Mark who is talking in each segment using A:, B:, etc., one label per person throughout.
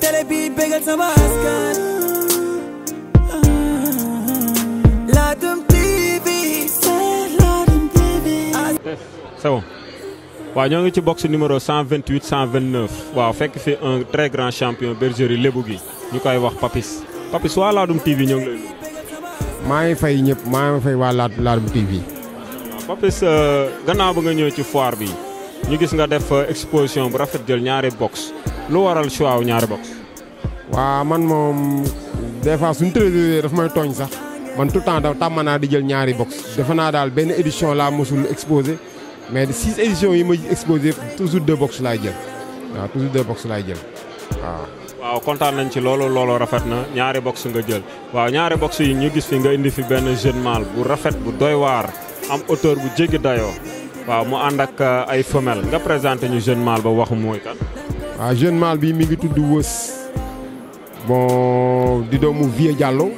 A: télé waa bégal sama askan Ladoum TV c'est Ladoum TV c'est bon waaw ñoo ngi ci box numéro 128 waaw fekk fi un très grand champion bergerie lébu gi ñu koy wax Papis Papis waa Ladoum TV ñoo ngi
B: maa ngi fay ñëpp maa ngi fay waa Ladoum TV
A: Papis euh, gannaaw ba nga ñëw ci foire bi ñu gis nga def euh, exposition bu rafet jël ñaari box lu waral choix ñaari bokk
B: waaw man moom des fois suñu trésorier daf may tooñ sax man tout le temps da tàmm naa di jël ñaari box. defe naa daal benn édition laa mosul exposé mais six éditions yi ma exposé toujours deux box laay jël waaw toujours deux box laay jël waaw.
A: waaw kontaan nañ ci loolu loolu rafet na ñaari box nga jël waaw ñaari box yi ñu gis fi nga indi fi benn jeune mâle bu rafet bu doy waar am auteur bu jéggi dayoo waaw mu ànd ak ay femelle nga présenté ñu jeune mâle ba mooy kan.
B: waaw ah, jeune mâle bi mi
A: ngi tudd wës
B: bon di doomu Vieux Diallo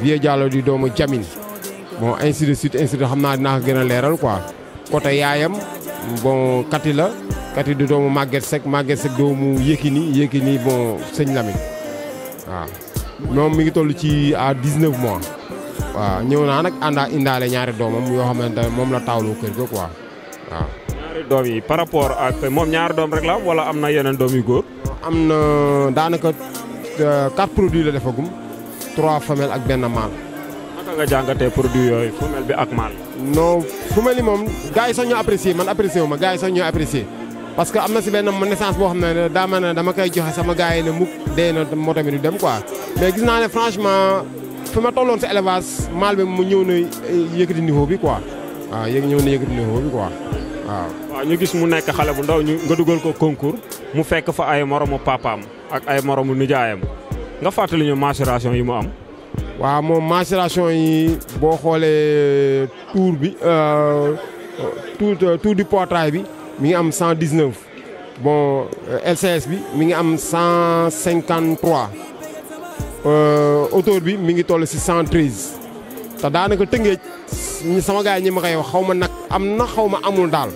B: Vieux Diallo di doomu Jamin bon ainsi de suite ainsi de xam naa dinaa ko gën a leeral quoi côté yaayam bon kati la kati di doomu Maguette Seck Maguette Seck doomu Yékini Yékini bon sëñ Lamine waaw moom mi ngi toll ci à 19 mois waaw ñëw naa nag àndaa indaale ñaari doomam yoo xamante ne moom la taawloo kër ga quoi waaw doom yi par rapport ak moom ñaar doom rek la am wala am na yeneen doom yu góor. am na daanaka euh, quatre produits la defagum trois femelles ak benn mâle.
A: naka nga jàngatee produit yooyu femelle bi ak mâle.
B: non femelle yi moom gars yi sax ñoo apprécier man apprécier wu ma gars yi sax ñoo apprécier parce que am na si benn naissance boo xam ne daa mel ne dama koy joxe sama gars yi ne mukk dee na moo tamit du dem quoi mais gis naa ne franchement fi ma tolloon si élevage mâle bi mu ñëw na yëkkati niveau bi quoi. waaw yéeg ñëw na yëkkati niveau bi quoi
A: waaw waaw ñu gis mu nekk xale bu ndaw ñu nga dugal ko concours mu fekk fa ay moromu papaam ak ay moromu nijaayam nga fàttali ñu maturation yi mu am. waaw moom maturation
B: yi boo xoolee euh, tour bi euh, tour tour du portail bi mi ngi am 119 bon euh, LCS bi mi ngi am 153 autour bi mi ngi toll si 113 te daanaka tëngéej sama gars ñi ma koy xaw ma nag am na xaw ma amul daal.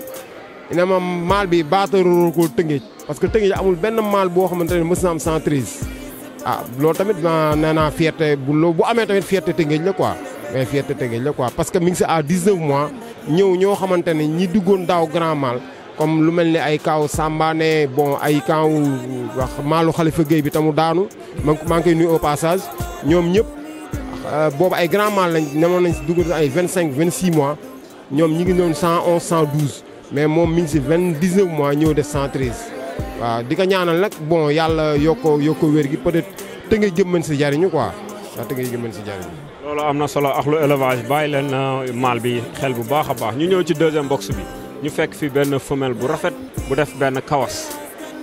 B: ne ma maal bi baataroo ko Tëngéej parce que Tëngéej amul benn maal boo xamante ne mës na am ah loolu tamit naa nee naa fierté bu loo bu amee tamit fierté Tëngéej la quoi mais fierté Tëngéej la quoi parce que mi ngi si à mois ñëw ñoo xamante ne ñi duggoon daaw grand mal comme lu mel ni ay kaaw Sambane bon ay kaaw wax maalu Xalifa Gueye bi tamu daanu man maa ngi koy nuyu au passage ñoom ñëpp ah, boobu ay grand mal lañ nemoon nañ si duggoon ay vingt 25 26 mois ñoom ñi ngi doon 111 112. mais moom mi si vingt dix neuf mois ñëw def cent treize. di ko ñaanal nag bon yàlla yokko yokko wér gi peut être te ngay jëmman si jariñu quoi waaw te ngay jëmman si jariñu. loolu am
A: na solo ak lu élevage bàyyi leen euh, maal bi xel bu baax a ñu ñëw ci deuxième box bi ñu fekk fi benn femelle bu rafet bu def benn kawas.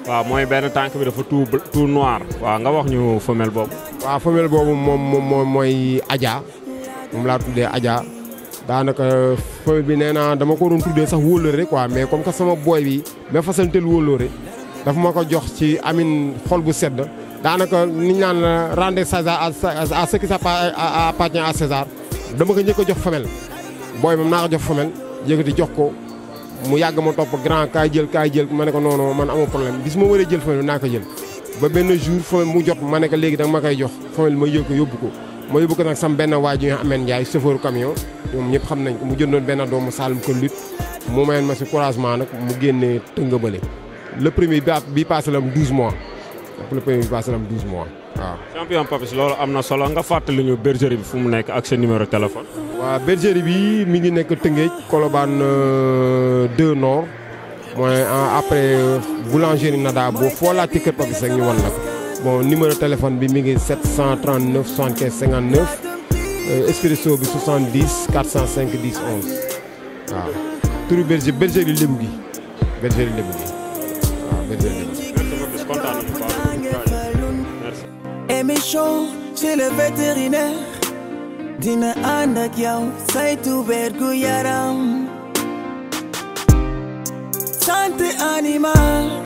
A: waaw mooy benn tànk bi dafa tout tout
B: noir. waaw nga wax ñu femelle boobu. waaw femelle boobu moom moom mooy Adja moom laa tuddee Adja. daanaka famille bi nee naa dama ko doon tuddee sax rek waa mais comme que sama booy bi ba fasantel wóllëre dafa ma ko jox ci amin xol bu sedd daanaka ni ñu naan rendre César à ce qui appartient à César dama ko njëkk jox femelle booy moom naa ko jox femelle yëkkati jox ko mu yàgg ma topp grand kaay jël kaa jël ma ne ko noonu man amoo problème bis ma waree jël femelle bi naa ko jël ba benn jour femelle mu jot ma nekk léegi danga ma koy jox femelle ma yëg yóbbu ko mooy yóbbu ko nag sam benn waay ji nga ameen Ndiaye chauffeur camion ñëpp xam nañ mu jëndoon benn doomu Saalum ko lutte mu mayoon ma si couragement nag mu génnee tëngabale le premier bi bi passé la am 12 mois donc le premier bi passé la
A: Papis loolu am na solo nga fàttali ñu bergerie bi fu mu nekk ak sa numéro téléphone.
B: waaw bergerie bi mi ngi nekk Tëngéej Colobane 2 euh, Nord mooy euh, après euh, boulangerie Nada boo foo laajte kër Papis rek ñu wan la ko bon numéro téléphone bi mi ngi 739 75 59 expresso bi 70 405 10 11 waaw turu berger berger li lébu gi berger li lébu gi waaw berger li lébu gi. émission chez le vétérinaire dina ànd ak yow saytu wergu yaram
A: santé animal